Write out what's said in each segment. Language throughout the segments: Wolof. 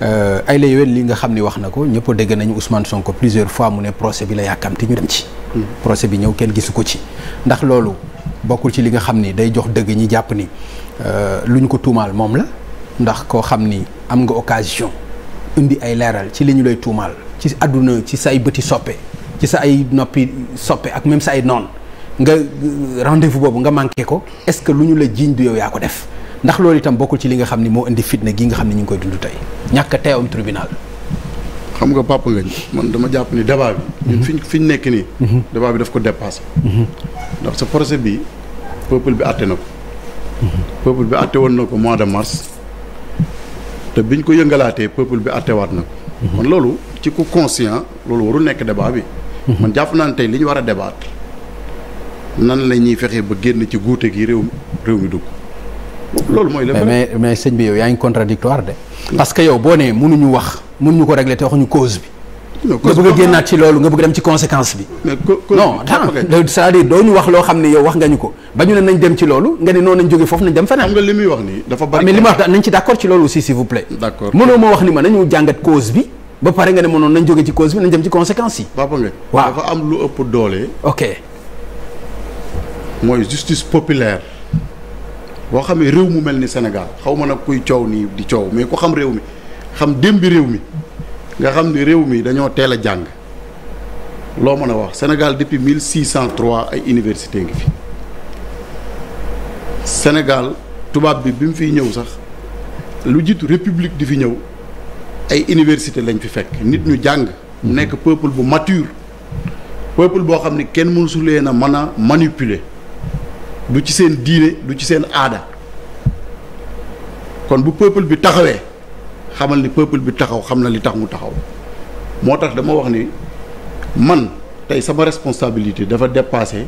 ay la yowén li nga xam ni wax na ko ñëpp dégg nañu son Sonko plusieurs fois mu ne procès bi la yàkkamti ñu dem ci hmm. procès bi ñëw kenn gisu ko ci ndax loolu bokkul ci li nga xam ni day jox dëgg ñi jàpp ni euh, lu ñu ko tuumaal moom la ndax koo xam ni am nga occasion indi ay leeral ci li ñu lay tuumaal ci àdduna ci sa ay bëti soppe ci sa ay noppi soppe ak même sa ay noon nga euh, rendez-vous boobu nga manqué ko est-ce que lu ñu la jiiñ du yow yaa ko def ndax loolu itam bokkul ci li nga xam ni moo indi fitna gi nga ñu ngi koy dund tey ñàkk a teewam tribunal. xam nga papa ngañ man dama jàpp ni débat bi. ñun mhm. fiñ fiñ nekk ni mhm. débat bi daf ko dépassé. Mhm. ndax sa procès bi peuple bi àtte na ko. peuple bi àtte woon na ko mois de mars. te biñ ko yëngalaatee peuple bi àttewaat na ko. kon loolu ci ku conscient loolu warul nekk débat bi. man jàpp naa tey li ñu war a débattre nan la ñuy fexee ba génn ci guute gi réew réew mi dugg. loolu mooy mais mais mais sëñ bi yow yaa ngi contradictoire de. parce que yow boo nee mënuñu wax mënuñu ko régler te waxuñu cause bi. nga bëgg génnaat ci loolu nga bëgg dem ci conséquence bi. non wax loo xam ne yow wax nga ñu ko ba ñu ne nañ dem ci loolu nga ne noonu nañ jógee foofu nañ dem feneen. xam nga li muy wax nii dafa bari ah, mais li ma wax nañ ci d'accord ci loolu aussi s'il vous plaît. mënoo ma wax ni ma nañu jàngat cause bi ba pare nga ne mënoon nañ jógee ci cause bi nañ dem ci conséquence yi. papa nga waaw dafa am lu ëpp doole. ok mooy justice populaire. boo xamee réew mu mel ni Sénégal xaw ma nag kuy coow nii di coow mais ku xam réew mi xam démbi réew mi nga xam ni réew mi dañoo teel a jàng loo mën a wax Sénégal depuis 1603 ay université ngi fi Sénégal tubaab bi bi mu fiy ñëw sax lu jiitu république di fi ñëw ay université lañ fi fekk nit ñu jàng mhm. nekk peuple bu mature peuple boo xam ni kenn mënu su leen a mën a manipuler du ci seen diine du ci seen aada kon bu peuple bi taxawee xamal ni peuple bi taxaw xam na li tax mu taxaw moo tax dama wax ni man tey sama responsabilité dafa dépassé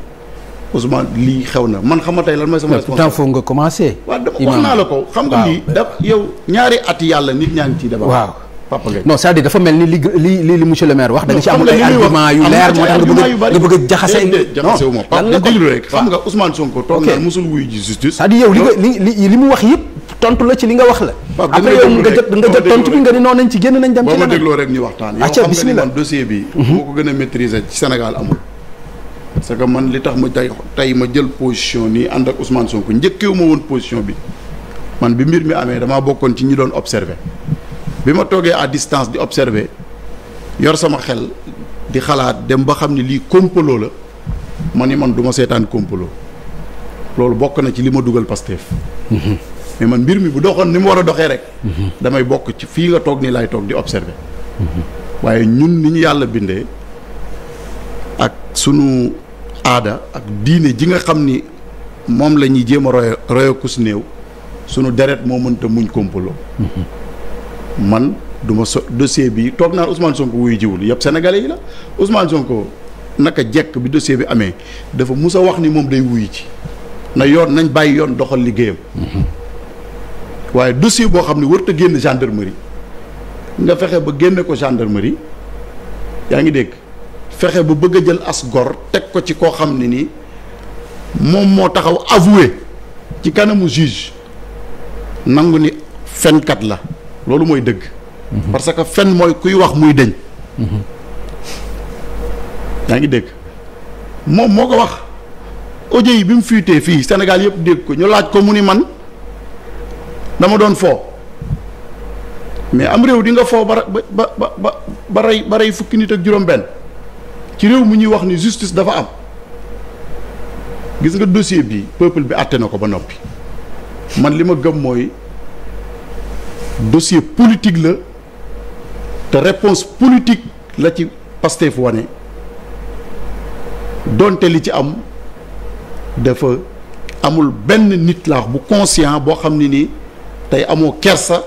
Ousmane lii xew na man xam nga tey lan mooy sama responsabilité foofu nga commencé. waaw dama naa la ko xam nga lii. da yow ñaari at yàlla nit ñaa ngi ciy. waaw Papa Gueye non cest dafa mel ni li li li monsieur le maire wax da nga ci amul ay yu leer moo tax nga bëgg a jaxase jaxase wu ma Papa déglu rek xam nga Ousmane Sonko toog na musul wuyu ji justice c'est-à-dire yow li nga mu wax yëpp tontu la ci li nga wax la après yow nga jot nga jot tontu bi nga ni noonu ci génn nañ dem ci boo ma dégloo rek mhm. ko man li tax ma tey ma jël position ni ànd ak Ousmane Sonko njëkkewu ma woon position bi man bi mbir mi amee damaa bokkoon ci ñi doon observer bi ma toogee à distance di observer yor sama xel di xalaat dem ba xam ne lii complot la ma ni man duma seetaan complot loolu bokk na ci li ma dugal Pastef mhm. mais man mbir mi bu doxoon ni mu war a doxee rek mhm. damay bokk ci fii nga toog nii lay toog di observer mhm. waaye ñun ni ñu yàlla bindee ak sunu aada ak diine ji nga xam ni moom la ñuy jéem a royo royo kus néew sunu deret moo mënta muñ complot man duma so dossier bi toog naan Ousmane Sonko wuyu jiwul yëpp sénégalais yi la Ousmane Sonko naka jekk bi dossier bi amee dafa musa wax ni moom day wuyu ci na yoon nañ bàyyi yoon doxal liggéeyam. Mm-hmm. waaye dossier boo xam ne warut a génn gendarmerie nga fexe ba génne ko gendarmerie yaa ngi dégg fexe ba bëgg a jël as gor teg ko ci koo xam ne nii moom moo taxaw avoué ci kanamu juge nangu ni fenkat la. loolu mooy dëgg. parce que fen mooy kuy wax muy dëñ. yaa ngi dégg moom moo ko wax audio yi bi mu fiitee fii senegal yëpp dégg ko ñu laaj ko mu ni man dama doon foo mais am réew dinga foo ba ba ba ba ba rey fukki nit ak juróom-benn ci réew mu ñuy wax ni justice dafa am gis nga dossier bi peuple bi àtte na ko ba noppi man li ma gëm mooy. dossier politique la te reponse politique la ci Pastef wane donte li ci am dafa amul benn nit laax bu conscient boo xam ne ni tey amoo kersa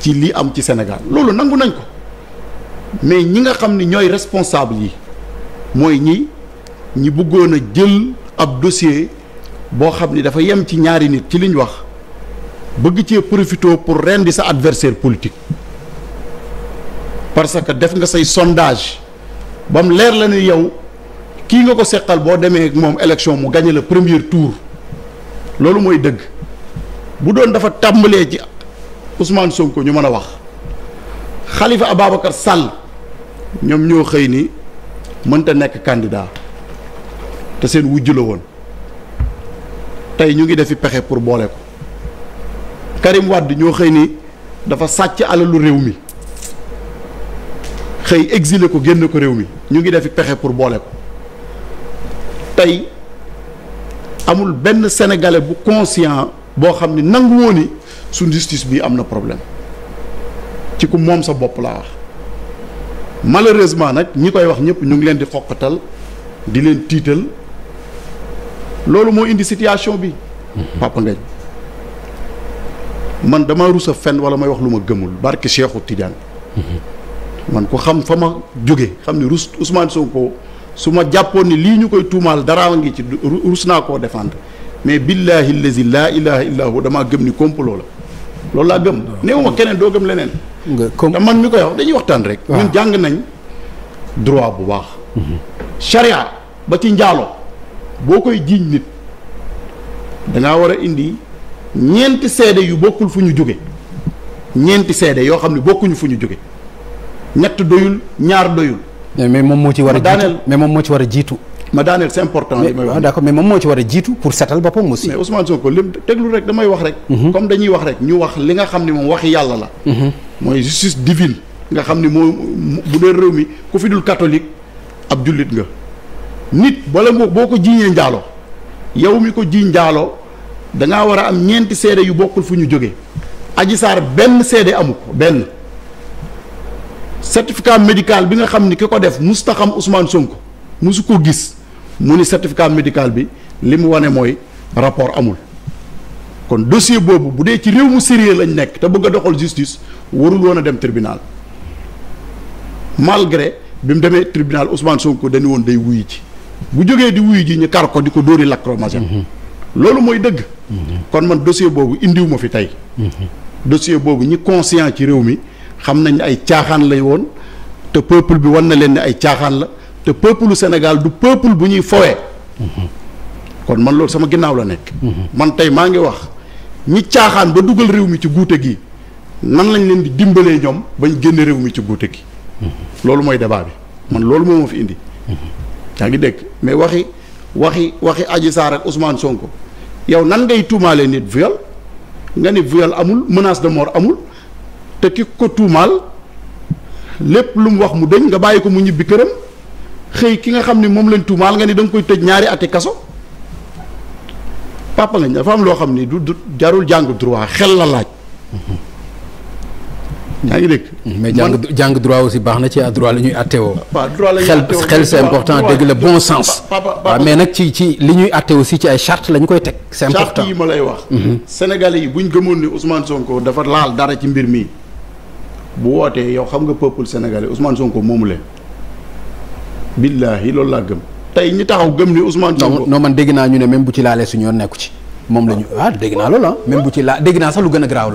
ci li am ci Sénégal loolu nangu nañ ko mais ñi nga xam ni ñooy responsable yi mooy ñi ñi bëggoon a jël ab dossier boo xam ni dafa yem ci ñaari nit ci liñ wax bëgg ci profité pour rendi sa adversaire politique parce que def nga say sondage ba mu leer lanu yow kii nga ko seqal boo demee moom élection mu gañe le premier tour loolu mooy dëgg bu doon dafa tàmbalee ci Ousmane Sonko ñu mën a wax xalifa Ababacar sàll ñoom ñoo xëy ni mënta nekk candidat te seen wujj la woon tey ñu ngi defi pexe pour boole ko. Karim Wade ñoo xëy ni dafa sàcc alalu réew mi xëy exile ko génn ko réew mi ñu ngi defi pexe pour boole ko tey amul benn sénégalais bu conscient boo xam ni nangu woon ni suñ justice bi am na problème ci ku moom sa bopp laa wax malheureusement nag ñi koy wax ñëpp ñu ngi leen di xoqatal di leen tiital loolu moo indi situation bi. Papa Ngagne man dama rus a fen wala may wax lu ma gëmul barke Cheikhou Tidiane man ko xam fa ma jóge xam ni rus Ousmane Sonko su ma jàppoon ni lii ñu koy tuumaal daraa ngi ci rus naa koo défendre mais billahi lazi laa ilaha illa hu damaa gëm ni complot la loolu laa gëm néewuma keneen doo gëm leneen te man mi koy wax dañuy waxtaan rek ñun jàng nañ droit bu baax charia mhm. ba ci njaalo boo koy jiiñ nit dangaa war a indi ñeenti seede yu bokkul fu ñu jóge ñeenti seede yoo xam ne bokkuñu fu ñu jóge ñett doyul ñaar doyul. mais moom moo ci war a jiitu mais moom moo ci a jiitu. ma daaneel c'est important li may wax ah, mais moom moo ci war a jiitu pour setal boppam aussi. mais Ousmane Sonko lim teglu rek damay wax rek. Mhm. comme dañuy wax rek ñu wax li nga xam ne moom waxi yàlla la. Mhm. mooy justice divine. nga xam ne moo dee réew mi ku fi dul katolik ab jullit nga. nit bala moo boo ko jiiñee njaalo yow mi ko jiiñ njaalo dangaa war a am ñeenti seede yu bokkul fu ñu jóge aji saar benn seede amu ko benn certificat médical bi nga xam ni ki ko def musta xam Ousmane Sonko musu ko gis mu ni certificat médical bi li mu wane mooy rapport amul kon dossier boobu bu dee ci réew mu sérieux lañ nekk te bëgg a doxal justice warul woon a dem tribunal malgré bi mu demee tribunal Ousmane Sonko dañu woon dey wuyu ci bu jógee di wuyu ji ñu kar ko di ko dóori lacrymogène mm-hmm. loolu mooy dëgg. kon man dossier boobu indiw ma fi tey. dossier boobu ñi conscient ci réew mi xam nañ ay caaxaan lay woon te peuple bi wan na leen ne ay caaxaan la te peuple Sénégal du peuple bu ñuy fowee. kon man loolu sama ginnaaw la nekk. man tey maa ngi wax ñi caaxaan ba dugal réew mi ci guute gi nan lañ leen di dimbalee ñoom bañ génn réew mi ci guute gi. loolu mooy débat bi man loolu moo ma fi indi. yaa ngi dégg mais waxi. waxi waxi Adji Sarr ak Ousmane Sonko yow nan ngay tuumaale nit viol nga ni viol amul menace de mort amul te ki ko tuumaal lépp lu mu wax mu dëñ nga bàyyi ko mu ñibbi këram xëy ki nga xam ni moom lañ tuumaal nga ni danga koy tëj ñaari ati kaso papa nga dafa am loo xam ni du jarul jàng droit xel la laaj. yaa ngi dégg. Mm-hmm. mais jàng jàng droit aussi baax na ci à ah, droit la ñuy attewoo. xel xel c'est important dégg la bon sens. waaw mais nag ci ci li ñuy atte aussi ci ay charte la koy teg. c'est important yi ma lay wax. Mm-hmm. Sénégalais yi bu ñu gëmoon ni Ousmane Sonko dafa laal dara ci mbir mi bu wootee yow xam nga peuple sénégalais Ousmane Sonko moomu leen. billaahi loolu laa gëm. tey ñi taxaw gëm ni Ousmane Sonko. non man dégg naa ñu ne même bu ci laalee suñu yoon nekku ci. moom la ñu ah, dégg naa loolu ah. même bu ci laa dégg naa sax lu gën a garaaw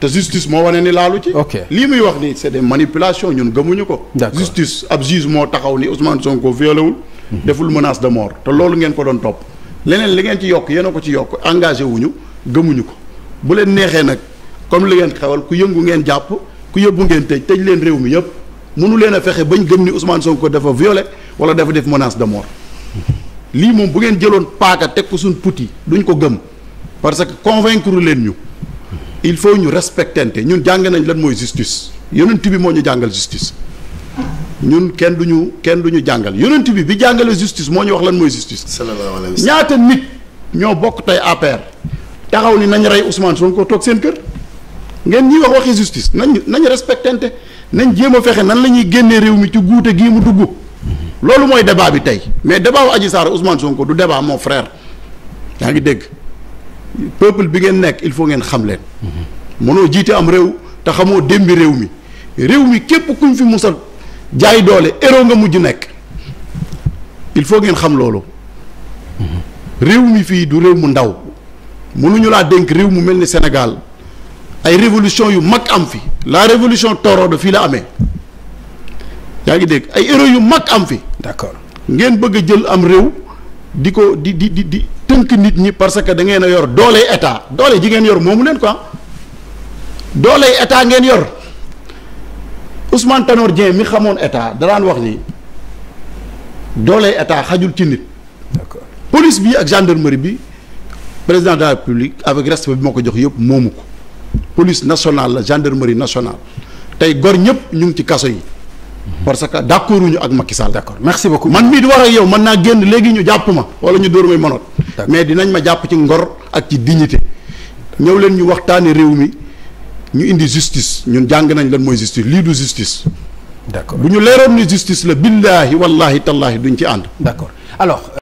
te justice moo wane ni laalu ci. ok lii muy wax nii c'est des manipulations ñun gëmuñu ko. justice ab juge moo taxaw ni asmaan Sonko violé wul. deful menace de te loolu ngeen ko doon topp. leneen li ngeen ci yokk yéen ko ci yokk engagé ñu gëmuñu ko bu leen neexee nag comme li ngeen xewal ku yëngu ngeen jàpp ku yëbbu ngeen tëj tëj leen réew mi yëpp mënu leen a fexe bañ gëm ni Ousmane Sonko dafa violé wala dafa def menace de mort lii moom bu ngeen jëloon paaka teg ko suñ puti duñ ko gëm parce que convaincre leen ñu. il faut ñu respectante ñun jàng nañ lan mooy justice yeneen bi moo ñu jàngal justice ñun kenn du ñu kenn du ñu jàngal yonent bi bi jàngalee justice moo ñu wax lan mooy justice. sallallahu alayhi wa ñaata nit ñoo bokk tey APR taxaw ni nañ rey Ousmane Sonko toog seen kër ngeen ñi wax waxi justice nañ nañ respectante nañ jéem a fexe nan la ñuy génnee réew mi ci guute gii mu dugg loolu mooy débat bi tey mais débat wu Adji Sarr Ousmane Sonko du débat moo frère yaa ngi dégg. peuple bi ngeen nekk il faut ngeen xam leen. mënoo jiite am réew te xamoo démbi réew mi réew mi képp kuñ fi musal jaay doole héros nga mujj nekk il faut ngeen xam loolu. réew mi fii du réew mu ndaw mënuñu laa dénk réew mu mel ni Sénégal ay révolution yu mag am fi la révolution torodo fii la amee yaa ngi dégg ay héros yu mag am fi. d'accord ngeen bëgg a jël am réew di ko di di di di. tënk nit ñi parce que da ngeen a yor doole état doole ji ngeen yor moomu leen quoi doole état ngeen yor Ousmane Tanor Dieng mi xamoon état danaan wax ni doole état xajul ci nit. d'accord police bi ak gendarmerie bi président de la république avec respect bi ma ko jox yëpp moomu ko police nationale la gendarmerie nationale tey gor ñëpp ñu ngi ci kaso yi. parce que d' accord ak Macky Sall. d' accord merci beaucoup man mii di wax ak yow mën naa génn léegi ñu jàpp ma wala ñu dóor may mënoot. mais dinañ ma jàpp ci ngor ak ci dignité ñëw leen ñu waxtaane réew mi ñu indi justice ñun jàng nañ lan mooy justice lii du justice d'accord bu ñu leeroon ni justice la billaahi wallaahi tallaahi duñ ci ànd d'accord alors